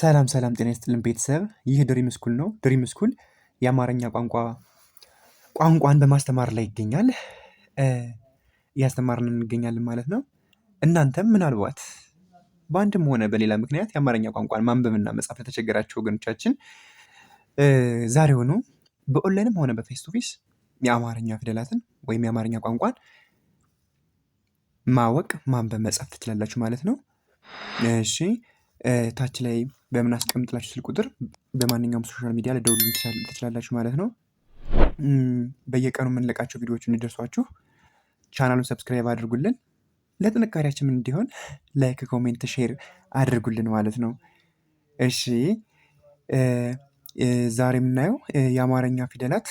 ሰላም ሰላም፣ ጤና ይስጥልን ቤተሰብ። ይህ ድሪም ስኩል ነው። ድሪም ስኩል የአማርኛ ቋንቋ ቋንቋን በማስተማር ላይ ይገኛል፣ እያስተማርን እንገኛለን ማለት ነው። እናንተም ምናልባት በአንድም ሆነ በሌላ ምክንያት የአማርኛ ቋንቋን ማንበብና መጻፍ ለተቸገራችሁ ወገኖቻችን ዛሬ ሆኖ በኦንላይንም ሆነ በፌስ ቱ ፌስ የአማርኛ ፊደላትን ወይም የአማርኛ ቋንቋን ማወቅ ማንበብ መጻፍ ትችላላችሁ ማለት ነው። እሺ ታች ላይ በምናስቀምጥላችሁ ስልክ ቁጥር በማንኛውም ሶሻል ሚዲያ ልደውሉ ትችላላችሁ ማለት ነው። በየቀኑ የምንለቃቸው ቪዲዮዎች እንዲደርሷችሁ ቻናሉን ሰብስክራይብ አድርጉልን። ለጥንካሬያችን እንዲሆን ላይክ፣ ኮሜንት፣ ሼር አድርጉልን ማለት ነው። እሺ ዛሬ የምናየው የአማርኛ ፊደላት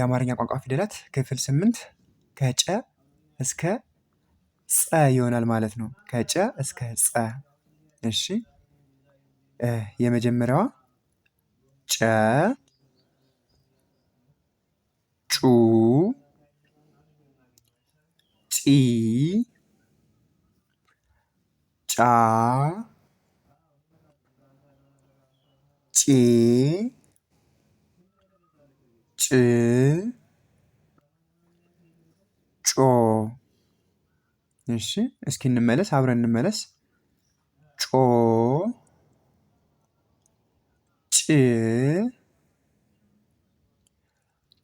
የአማርኛ ቋንቋ ፊደላት ክፍል ስምንት ከጨ እስከ ጸ ይሆናል ማለት ነው። ከጨ እስከ ጸ። እሺ የመጀመሪያዋ ጨ ጩ ጪ ጫ ጬ ጭ ጮ። እሺ፣ እስኪ እንመለስ፣ አብረን እንመለስ። ጮ ጭ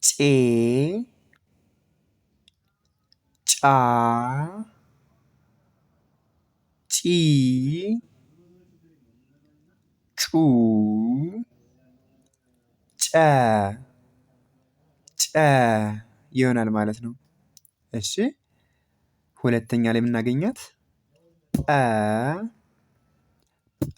ጬ ጫ ጪ ጩ ጨ ጨ ይሆናል ማለት ነው። እሺ ሁለተኛ ላይ የምናገኛት ጰ ጰ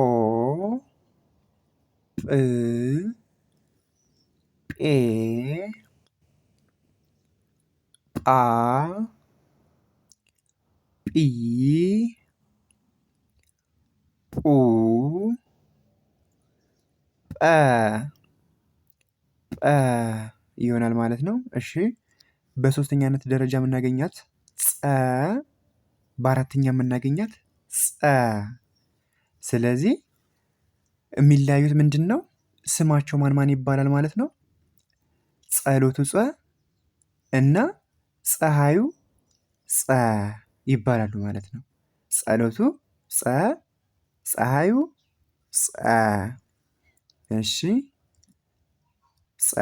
ኦ ጵ ጴ ጳ ጲ ጳ ጰ ይሆናል ማለት ነው። እሺ በሶስተኛነት ደረጃ የምናገኛት ጸ በአራተኛ የምናገኛት ጸ ስለዚህ የሚለያዩት ምንድን ነው? ስማቸው ማን ማን ይባላል ማለት ነው። ጸሎቱ ጸ እና ፀሐዩ ጸ ይባላሉ ማለት ነው። ጸሎቱ ጸ፣ ፀሐዩ ጸ። እሺ ጸ፣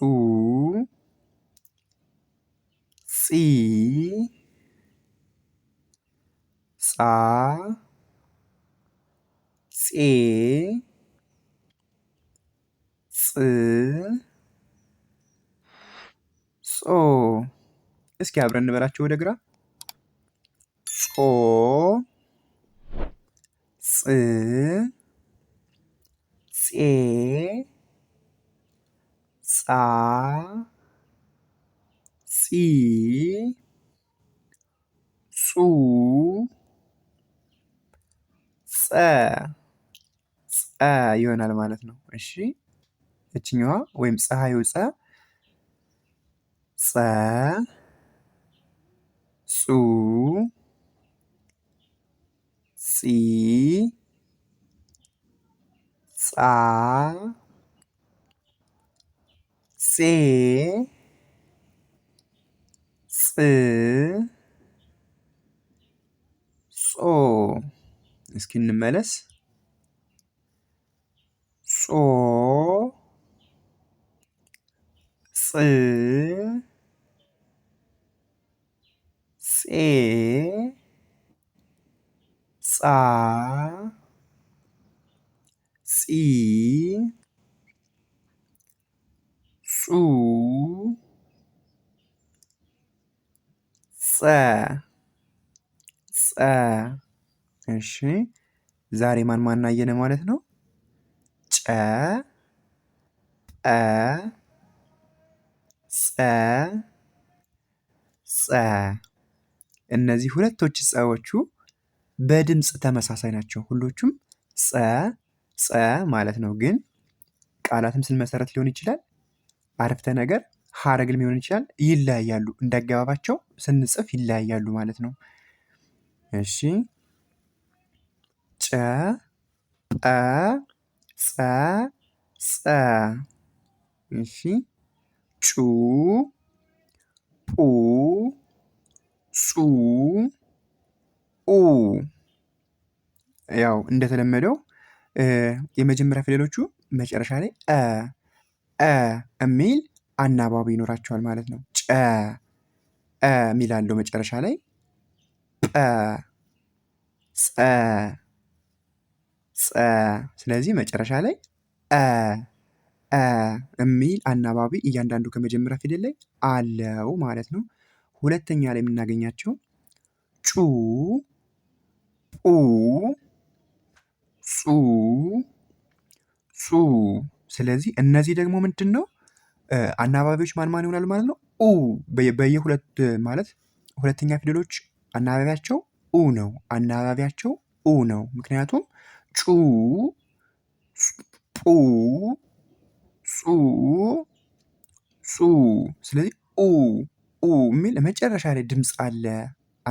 ጹ፣ ጺ ጻ ጼ ጽ ጾ እስኪ አብረን እንበላቸው ወደ ግራ ጾ ጽ ጼ ጻ ጺ ጹ ፀ ፀ ይሆናል ማለት ነው። እሺ እችኛዋ ወይም ፀሐዩ ፀ ፀ ጹ ጺ ጻ ጼ ፅ እስኪንመለስ ጾ ጽ ጼ ጻ ጺ ጹ ጸ ጸ እሺ ዛሬ ማን ማን አየነ ማለት ነው። ጨ ጰ ጸ ጸ እነዚህ ሁለቶች ጸዎቹ በድምፅ ተመሳሳይ ናቸው። ሁሎቹም ጸ ጸ ማለት ነው። ግን ቃላትም ስል ሊሆን ይችላል፣ አረፍተ ነገር ሀረግ ሊሆን ይችላል። ይለያያሉ፣ እንዳገባባቸው ስንጽፍ ይለያያሉ ማለት ነው። እሺ ጨ ጠ ጸ ጸ እሺ ጩ ጱ ጹ ኡ ያው እንደተለመደው የመጀመሪያ ፊደሎቹ መጨረሻ ላይ አ እ የሚል አናባቢ ይኖራቸዋል ማለት ነው። ጨ እ የሚል አለው መጨረሻ ላይ ጰ ጸ ጸ ስለዚህ መጨረሻ ላይ የሚል አናባቢ እያንዳንዱ ከመጀመሪያ ፊደል ላይ አለው ማለት ነው። ሁለተኛ ላይ የምናገኛቸው ጩ፣ ጡ፣ ጹ፣ ጹ። ስለዚህ እነዚህ ደግሞ ምንድን ነው አናባቢዎች ማን ማን ይሆናሉ ማለት ነው። ኡ በየሁለት ማለት ሁለተኛ ፊደሎች አናባቢያቸው ኡ ነው። አናባቢያቸው ኡ ነው። ምክንያቱም ጩ ጡ ጹ ጹ ስለዚህ ኡ ኡ የሚል መጨረሻ ላይ ድምፅ አለ።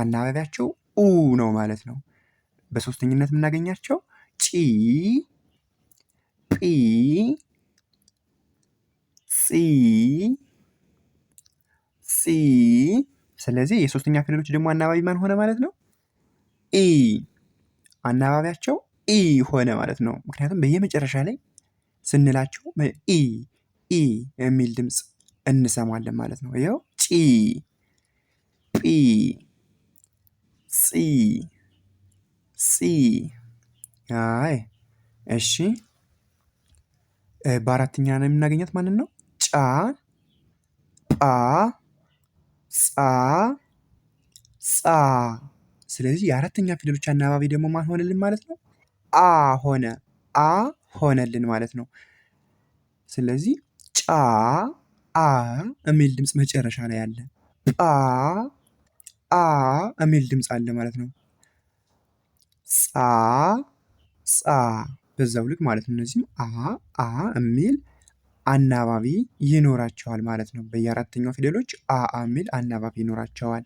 አናባቢያቸው ኡ ነው ማለት ነው። በሶስተኝነት የምናገኛቸው ጪ ጲ ጺ ጺ ስለዚህ የሶስተኛ ፊደሎች ደግሞ አናባቢ ማን ሆነ ማለት ነው? ኢ አናባቢያቸው ኢ ሆነ ማለት ነው። ምክንያቱም በየመጨረሻ ላይ ስንላቸው ኢ ኢ የሚል ድምፅ እንሰማለን ማለት ነው። ይኸው ጪ ጲ ጺ ጺ አይ እሺ በአራተኛ ነው የምናገኛት ማንን ነው። ጫ ጳ ጻ ጻ። ስለዚህ የአራተኛ ፊደሎች አናባቢ ደግሞ ማን ማለት ነው አ ሆነ አ ሆነልን ማለት ነው። ስለዚህ ጫ አ የሚል ድምፅ መጨረሻ ላይ አለ። ጳ አ የሚል ድምፅ አለ ማለት ነው። ጻ ጻ በዛው ልክ ማለት ነው። እነዚህም አ አ የሚል አናባቢ ይኖራቸዋል ማለት ነው። በየአራተኛው ፊደሎች አ አ የሚል አናባቢ ይኖራቸዋል።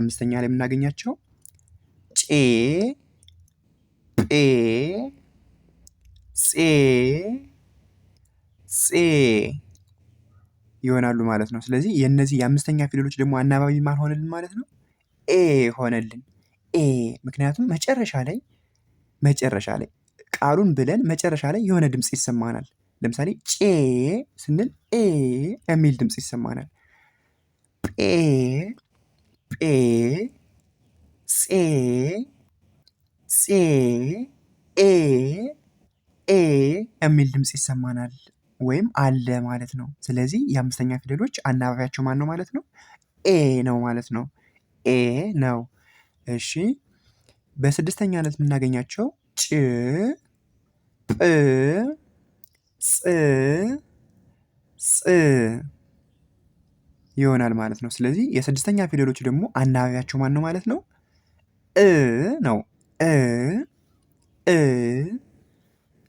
አምስተኛ ላይ የምናገኛቸው ጬ ጤ ጼ ጼ ይሆናሉ ማለት ነው። ስለዚህ የእነዚህ የአምስተኛ ፊደሎች ደግሞ አናባቢ ማን ሆነልን ማለት ነው? ኤ ሆነልን። ኤ ምክንያቱም መጨረሻ ላይ መጨረሻ ላይ ቃሉን ብለን መጨረሻ ላይ የሆነ ድምፅ ይሰማናል። ለምሳሌ ጬ ስንል ኤ የሚል ድምፅ ይሰማናል። ጴ ጴ ጼ ጼ ኤ ኤ የሚል ድምፅ ይሰማናል ወይም አለ ማለት ነው። ስለዚህ የአምስተኛ ፊደሎች አናባቢያቸው ማን ነው ማለት ነው? ኤ ነው ማለት ነው። ኤ ነው። እሺ በስድስተኛነት የምናገኛቸው ጭ፣ ጵ፣ ጽ፣ ጽ ይሆናል ማለት ነው። ስለዚህ የስድስተኛ ፊደሎች ደግሞ አናባቢያቸው ማን ነው ማለት ነው? እ ነው። እ እ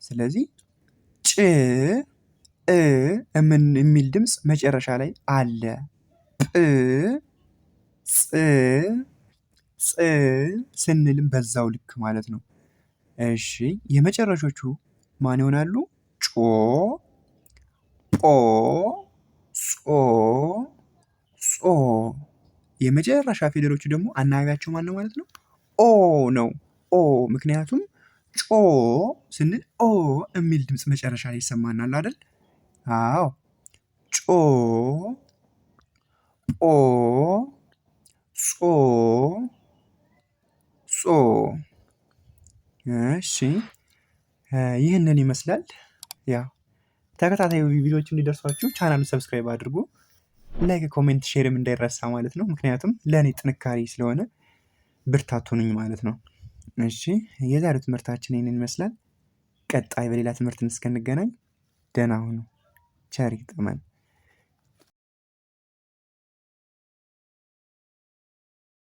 ስለዚህ ጭ እ የሚል መጨረሻ ላይ አለ። ጵ ጽ ጽ ስንልም በዛው ልክ ማለት ነው። እሺ የመጨረሾቹ ማን ይሆናሉ? ጮ ጶ ጾ ጾ የመጨረሻ ፊደሎቹ ደግሞ አናባቢያቸው ማን ነው ማለት ነው? ኦ ነው። ኦ ምክንያቱም ጮ ስንል ኦ የሚል ድምፅ መጨረሻ ላይ ይሰማናል አይደል? አዎ ጮ ኦ ጾ ጾ እሺ ይህንን ይመስላል። ያው ተከታታይ ቪዲዮዎች እንዲደርሷችሁ ቻናሉን ሰብስክራይብ አድርጉ። ላይክ፣ ኮሜንት፣ ሼርም እንዳይረሳ ማለት ነው። ምክንያቱም ለእኔ ጥንካሬ ስለሆነ ብርታቱንኝ ማለት ነው። እሺ የዛሬው ትምህርታችን ይህንን ይመስላል። ቀጣይ በሌላ ትምህርት እስክንገናኝ ደህና ሁኑ። ቸር